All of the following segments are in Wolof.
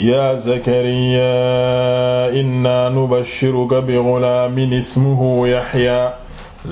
yaa zakariya inna nubashiruka bi ghulaamin ismuhu yaxya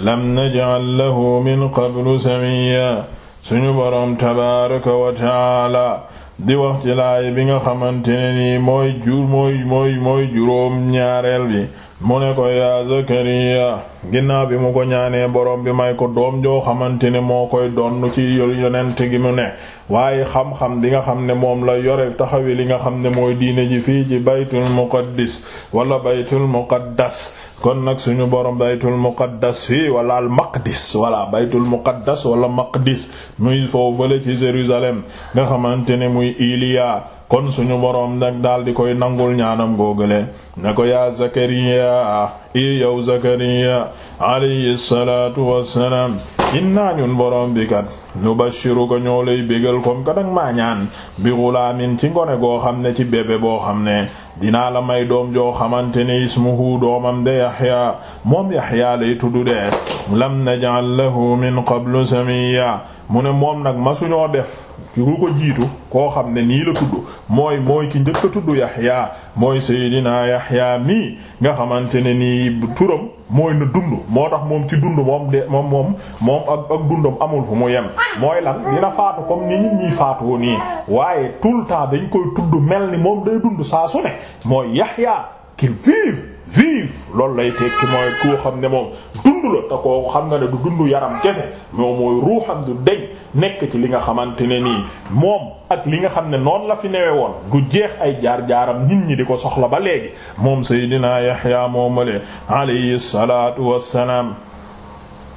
lam naj'al lahu min qablu samiya suñu boroom tabaaraka wa taala di wax ci laay bi nga xamante ne nii mooy jur mooy mooy mooy juróom ñaareel bi mu ne ko yaa Zakariya ginnaaw bi mu ko ñaanee borom bi may ko doom joo xamante ne moo koy donn ci yonent gi mu ne waaye xam-xam bi nga xam ne moom la yore taxawi li nga xam ne mooy diine ji fii ci baytul muqaddis wala baytul muqaddas kon nag suñu borom baytul muqaddas fii wala al maqdis wala baytul muqaddas wala maqdis muy foofu fële ci Jérusalem nga xamante ne muy Iliya kon suñu boroom nag daal di koy nangul ñaanam googale na ko yaa zakariya yi yow zakariya alayhi salaatu wassalaam innaa ñun boroom bi kat ko ñoo lay bégal comme que dag maa ñaan bi xulaamin ci ngone goo xam ne ci bébé boo xam ne dinaa la may doom joo xamante ne ismuhu doomam de yaxya moom yaxya lay tuddu de lam naj'al lahu min qablu samiya mu ne moom nag masuñoo def lu ko jiitu koo xam ne nii la tudd mooy mooy ki njëkk a tudd yaxya mooy seydinaa yaxya mii nga xamante ne nii turam mooy na dund moo tax moom ci dund moom de moom moom moom ak ak dundam amul fu mu yem mooy lan dina faatu comme ni nit ñi faatu nii waaye tout le temps dañ koy tudd mel ni moom day dund saa su mooy Yahya qu'il vive vive loolu lay tekki mooy koo xam ne moom dund la te koo xam nga le du dund yaram kese moom mooy ruuxam du deñ nekk ci li nga xamante ne nii moom ak li nga xam ne noonu la fi newe woon du jeex ay jaar-jaaram nit ñi di ko soxla ba léegi moom Seydina Yahya moomale alayhi salaatu wassalaam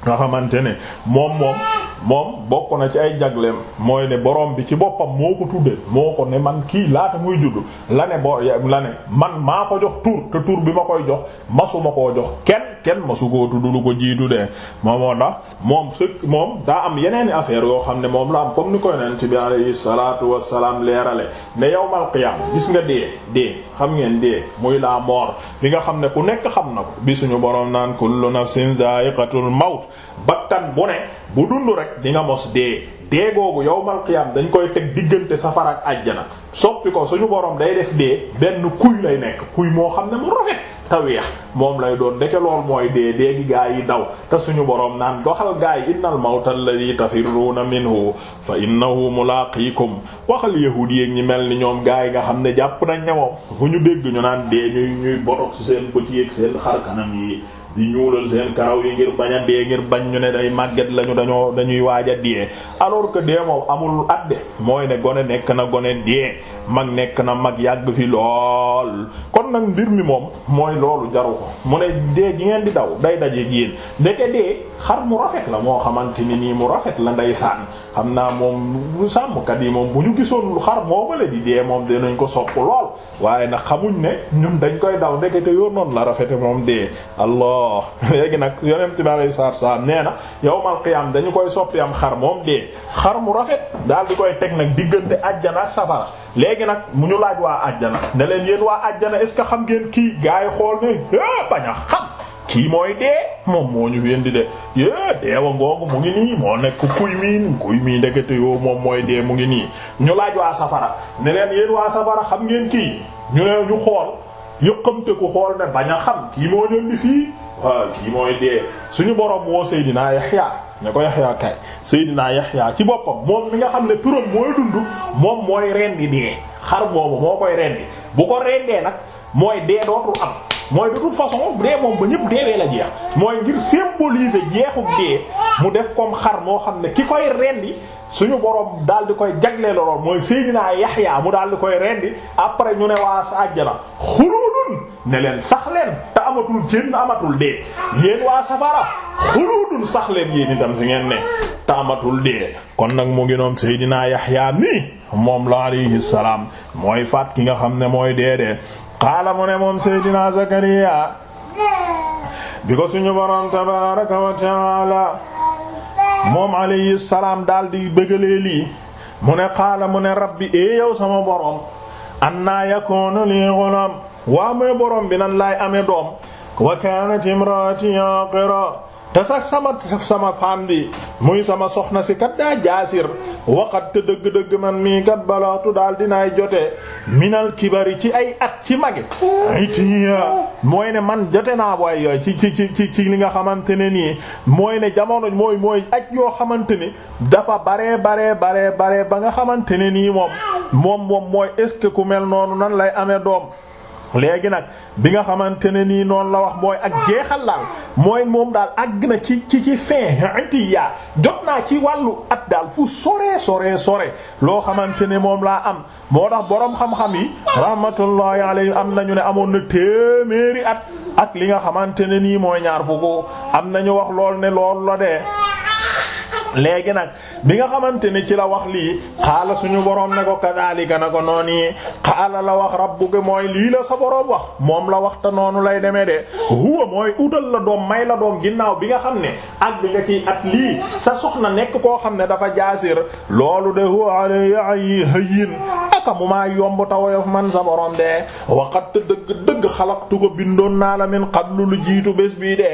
nga xamante ne moom moom moom bokk na ci ay jagleem mooy ne borom bi ci boppam moo ko tudde moo ko ne man kii laata muy judd la ne bo la man maa ko jox tur te tur bi ma koy jox masuma koo jox kenn kenn masu koo tudd lu ko jiitu de moom moo tax moom sëkk moom daa am yeneen i affaires yoo xam ne moom la am comme ni koy neen ci bi alayhi salaatu wassalaam leerale ne yawmal qiyaam gis nga dee dee xam ngeen dee muy la mort bi nga xam ne ku nekk xam na ko bi suñu borom naan kullu nafsin dha'iqatul maut bakkan bu ne bu dund rek di nga mos dee dee boobu yow qiyam dañ koy teg diggante safara ak àjjana soppi ko suñu borom day def dee benn kuy lay nekk kuy moo xam ne mu rafet te moom lay doon ndeke lool mooy dee dee gi gaa yi daw te suñu borom naan goxal gaa yi innal mawta alladhi tafirruuna minhu fa innahu mulaaqiikum waxal yahuud yi ñi mel ni ñoom gaa yi nga xam ne jàpp nañ ne moom fu ñu dégg ñu naan dee ñuy ñuy botox seen bët seen xar kanam yi di ñuulal seen karaw yi ngir bañ a dee ngir bañ ñu ne day màgget lañu dañoo dañuy waaj a dee alors que dee moom amul adde mooy ne gone nekk na gone dee mag nekk na mag yàgg fi lool kon nag mbir mi moom mooy loolu jaru ko mu ne dee gi ngeen di daw day daje yéen ndeke dee xar mu rafet la moo xamante ni nii mu rafet la ndeysaan xam naa moom lu sàmmkat yi moom bu ñu gisoon lu xar moo bale di dee moom dinañ ko sopp lool waaye nag xamuñ ne ñun dañ koy daw ndeke te yoon noonu la rafete moom dee allah léegi nag yonent bi alayhi salaatu salaam nee na yow yawmal qiyaam dañu koy soppi am xar moom dee xar mu rafet daal di koy teg nag diggante àjjana léegi nag mu ñu laaj waa àjjana ne leen yéen waa àjjana est ce que xam ngeen kii gars yi xool ne eh, bañ a xam kii mooy dee moom moo ñu wéndi de yé eh, deewa ngoogu mu ngi nii moo nekk kuy miin kuy miin ndekete yoo moom mooy dee mu ngi nii ñu laaj waa safara ne leen yéen waa safara xam ngeen kii ñu ne ñu xool yëqamte ku xool ne bañ xam kii moo ñoon fii waaw kii mooy dee suñu borom woo Seydina Yaxya ne ko Yaxya kay Seydina Yaxya ci boppam moom mi nga xam ne turam mooy dund moom mooy rendi dee xar boobu moo koy rendi bu ko rendee nag mooy dee dootul am mooy de toute façon dee moom ba ñëpp deewee la jeex mooy ngir symboliser jeexuk dee mu def comme xar moo xam ne ki koy rendi suñu borom daal di koy jagleel lool mooy Seydina Yaxya mu daal di koy rendi après ñu ne waa sa àjjana ne leen sax amatul génn amatul dee yéen waa safara xuluudun sax leen yéen ngeen ne te amatul dee kon nag mu ngi noom Seydina Yaxya nii moom la alayhi mooy faat ki nga xam ne mooy dee dee xaala mu ne moom Seydina Zakariya bi ko suñu borom tabaaraka wa taala moom alayhi daal di bëggalee lii mu ne xaala mu ne rabbi ee sama borom annaa yakoonu lii waa mooy borom bi nan laay amee doom wa kanat imraati aqira te sax sama sama femme bi muy sama soxna si kat daa jaasir waqat te dëgg-dëgg man mii kat balaatu daal dinaay jote minal kibari ci ay at ci mage itiya mooy ne man jote naa waay yooyu ci ci ci li nga xamante ne nii mooy ne jamono mooy mooy aj yoo xamante ni dafa bare baree baree ba nga xamante ne nii moom moom moom mooy est-ce que ku mel noonu nan lay amee doom léegi nag bi nga xamante ne nii noonu la wax mooy ak jeexal laal mooy moom daal àgg na ci ci ci fin anti yaa jot naa ci wàllu at daal fu sore sore sore loo xamante ne moom laa am moo tax boroom xam-xam yi rahmatullahi alayhi am na ñu ne amoon na téeméeri at ak li nga xamante ne nii mooy ñaar fukk am nañu wax lool ne lool la dee léegi nag bi nga xamante ni ci la wax lii xaala suñu boroom ne ko kadaalika na ko noonu yi xaala la wax rabbuka mooy lii la sa boroom wax moom la wax te noonu lay demee de huwa mooy utal la doom may la doom ginnaaw bi nga xam ne ak bi nga ciy at lii sa soxna nekk koo xam ne dafa jaasir loolu de huwa alayhi hayyin naka mu maa yomb ta woyof man sa borom de waqat te dëgg dëgg xalaqtu ko bindoon naa la min qablu lu jiitu bés bii de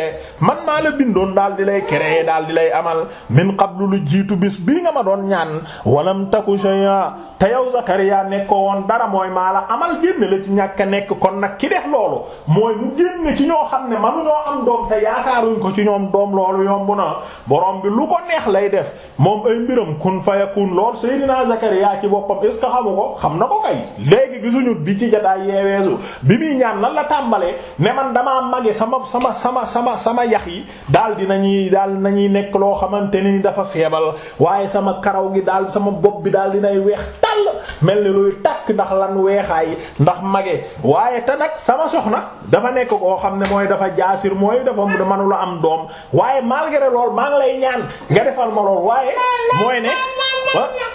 man maa la bindoon daal di lay créer daal di lay amal min qablu lu jiitu bés bii nga ma doon ñaan walam taku shay'a te yow Zakariya nekkoo woon dara mooy maa la amal génne la ci ñàkk nekk kon nag ki def loolu mooy mu génne ci ñoo xam ne manu ñoo am doom te yaakaaruñ ko ci ñoom doom loolu yomb na borom bi lu ko neex lay def moom ay mbiram kun fayakun lool Seydina Zakariya ci boppam est xamu ko xam na ko kay léegi gisuñu bi ci jataay yeeweesu bi muy ñaan nan la tàmbalee ne man damaa mage sama sama sama sama sama yax yi daal di nañuy daal nañuy nekk loo xamante ni dafa feebal waaye sama karaw gi daal sama bopp bi daal dinay weex tàll mel ni luy takk ndax lan weexaay ndax mage waaye te nag sama soxna dafa nekk koo xam ne mooy dafa jaasir mooy dafa mënula am doom waaye malgré lool maa ngi lay ñaan nga defal ma lool waaye mooy ne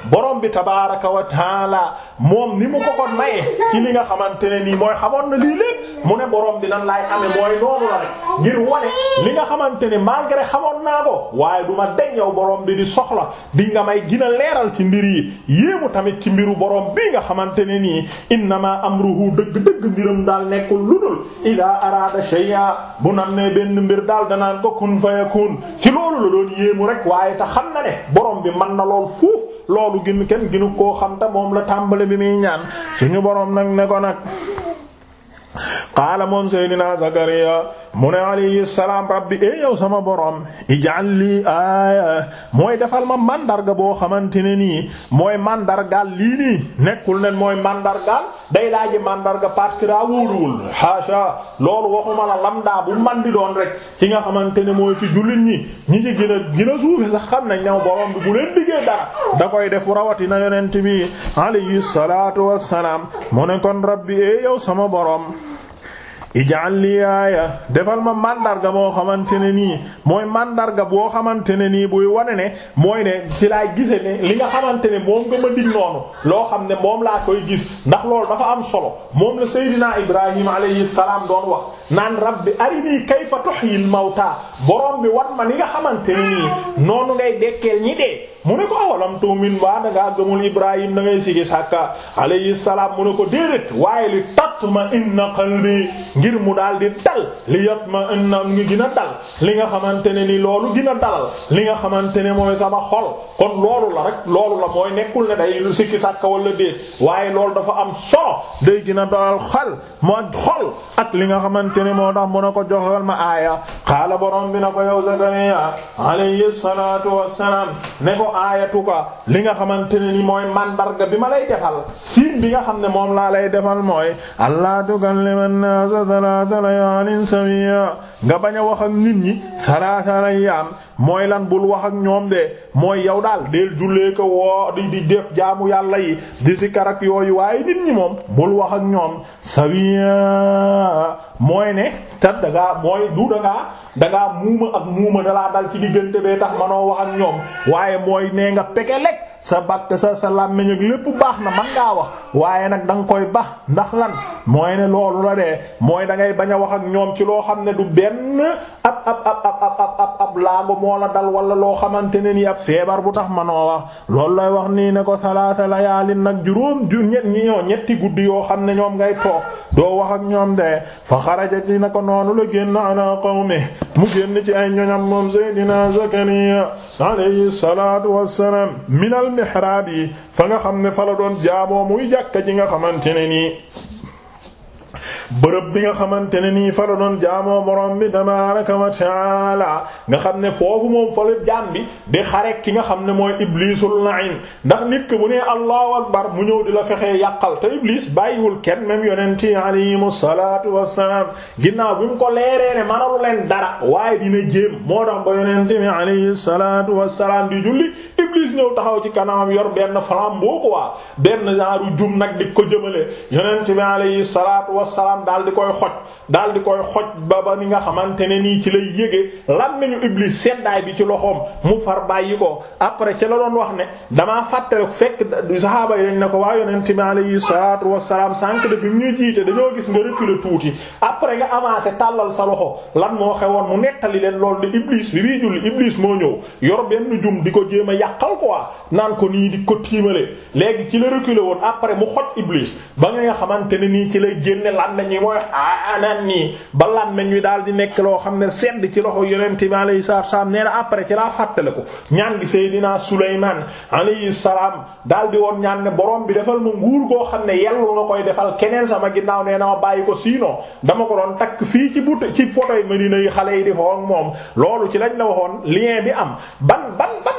borom bi tabaaraka wa taala moom ni mu ko kon maye ci li nga xamante ne nii mooy xamoon na lii lépp mu ne borom bi nan laay amee mooy noonu la rek ngir wane li nga xamante ne malgré xamoon naa ko waaye du ma deñ yow borom bi di soxla di nga may gina leeral ci mbir yi yéemu tamit ci mbiru borom bii nga xamante ne nii am amruhu dëgg-dëgg mbiram daal nekkul lu dul idaa araada shay'a bu nam ne benn mbir daal danaan ko kun fayakun ci loolu la doon rek waaye te xam na ne borom bi mën na lool loolu gin kenn ginu koo xam ta moom la tàmbale bi muy ñaan ñu boroom nag ne ko nag qaala moom Seydina Zakariya mu ne alayhi salaam rabbi e sama borom ij'al lii aaya mooy defal ma mandarga boo xamante ne nii mooy mandargaal lii nii nekkul ne mooy mandargaal day laaji mandarga parce que daa wóoruwul haasha loolu waxuma la lam daa bu man di doon rek ci nga xamante ne mooy ci jullit ñi ñi ci gën suufe sax xam nañ new borom bi bu leen diggee dara da koy def rawatina yonent bi alayhi salaatu wassalaam mu ne kon rabbi e yow sama borom ijaal li aaya defal ma mandarga moo xamante ne nii mooy mandarga boo xamante ne nii buy wane ne mooy ne ci laay gise ne li nga xamante ne moom nga ma dig loo xam ne moom laa koy gis ndax lool dafa am solo moom la Seydina Ibrahima alayhi salaam wax naan rabbi arinii kayfa tuhyil mawta borom bi wan ma li nga xamante ne nii noonu ngay dekkeel ñi dee mu ne ko awalam tuumin waa dangaa gëmul Ibrahim da ngay sigi sàkka alayhi salaam mu ne ko déedéet waaye li tatma inna qalbi ngir mu daal di dal li ma inna ngi gina dal li nga xamante ne nii loolu gina dalal li nga xamante ne mooy sama xol kon loolu la rek loolu la mooy nekkul ne day sikki sàkka wala déet waaye loolu dafa am solo day gina dalal xol moo xol ak li nga xamante ne moo tax mu ne ko joxal ma aaya xaala borom bi na ko yow Zakariya alayhi aayatuka li nga xamante ne ni mooy mandarga bi ma lay defal siin bi nga xam ne moom laa lay defal mooy allah tukallima an-naasa salaasa layaalin sawiyya nga bañ a wax ak nit ñi salaasa layaam mooy lan bul wax ak ñoom de mooy yow daal deel jullee ko woo di def jaamu yàlla yi di si karak yooyu waaye nit ñi moom bul wax ak ñoom sawiya mooy ne tat dangaa mooy du dangaa dangaa muuma ak muuma dalaa dal ci diggante bee tax manoo wax ak ñoom waaye mooy nee nga pekelek sa bakk sa sa làmmiñ ak lépp baax na man ngaa wax waaye nag danga koy bax ndax lan mooy ne loolu la de mooy da ngay bañ a wax ak ñoom ci loo xam ne du benn ab ab ab ab ab ab laago moo la dal wala loo xamante ne nii ab feebar bu tax manoo wax loolu lay wax nii ne ko salaasa layaalin nag juróom ju ñet ñi ñoo ñetti guddi yoo xam ne ñoom ngay toog doo wax ak ñoom de fa xaraja ci na ko noonu la génn ala qawmi mu génn ci ay ñoñam moom Seydina Zakariya alayhi salaatu wassalaam minal mihraab yi fa nga xam ne fa la doon jaamoo muy jàkka ji nga xamante ne nii bërëb bi nga xamante ne nii fa doon jaamoo borom bi tabaaraka wa taala nga xam ne foofu moom fa la jaam bi di xare ki nga xam ne mooy iblisul la'in ndax nit ki bu ne allahu akbar mu ñëw di la fexe yàqal te iblis bàyyiwul kenn même yonent yi alayhimu salaatu wassalaam ginnaaw bi mu ko leeree ne manalu leen dara waaye dina jéem moo tax ba yonent bi alayhi salaatu wassalaam di julli Iblis ñëw taxaw ci kanamam yor benn flambeau quoi benn genre jum nag di ko jëmale yonent bi alayhi salaatu wassalaam daal di koy xoj daal di koy xoj ba ba ni nga xamante ne nii ci lay yëgee lan nañu Iblis seddaay bi ci loxoom mu far bàyyi ko après ci la doon wax ne damaa fàttale fekk sahaaba yi dañ ne ko waa yonent bi alayhi salaatu wassalaam sànq de bi ñuy jiite dañoo gis nga reculer tuuti après nga avancer tàllal sa loxo lan moo xewoon mu nettali leen loolu moo ñëw yàqal quoi naan ko nii di ko tiimale léegi ci la reculer woon après mu xoj iblis ba nga nga xamante ne nii ci lay génne làmmeñ yi mooy aanaan ah nii ba làmmeñ wi daal di nekk loo xam ne sedd ci loxo yonent bi alayhi salaam nee après ci laa fàttale ko ñaan gi Seydina Sulaymaan alayhi salaam daal di woon ñaan ne borom bi defal ma nguur goo xam ne yellu nga koy defal keneen sama ginnaaw nee na bàyyi ko sinon dama ko doon takk fii ci but ci photo yi Medina yi xale yi di fa moom loolu ci lañ la waxoon lien bi am ban ban ban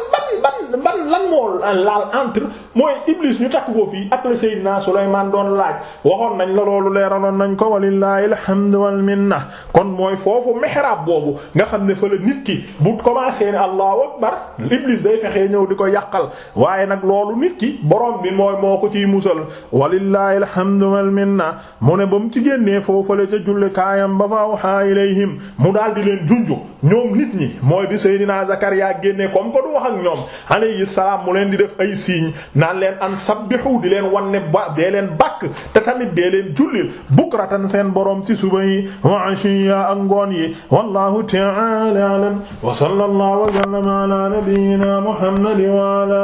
ban lan moo laal entre mooy Iblis ñu takk ko fii ak la Seydina Sulaymaan doon laaj waxoon nañ la loolu leeraloon nañ ko walillahi alhamdu wal minna kon mooy foofu mihrab boobu nga xam ne fa nit ki bu commencé ne allahu akbar Iblis day fexee ñëw di ko yàqal waaye nag loolu nit ki borom bi mooy moo ko ciy musal walillahi alhamdu wal minna mu ne ba mu ci génnee foofu la ca julle kaayam ba fa awha ilayhim mu daal di leen junju ñoom nit ñi mooy bi Seydina Zakariya génnee comme wax ak ñoom alayhi salaam mu leen di def ay signes naan leen an sabbihu di leen wan ne ba dee leen bàkk te tamit dee leen jullil bukratan seen borom ci suba yi wa ashiya ak ngoon yi wallahu ta'ala a'lam wa sallallahu wa sallama ala nabiyyina muhammad wa ala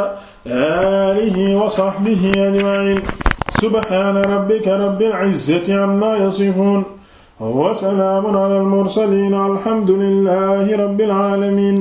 alihi wa sahbihi ajma'in subhana rabbika rabbil izzati amma yasifun wa salamun ala al mursalin alhamdulillahi rabbil alamin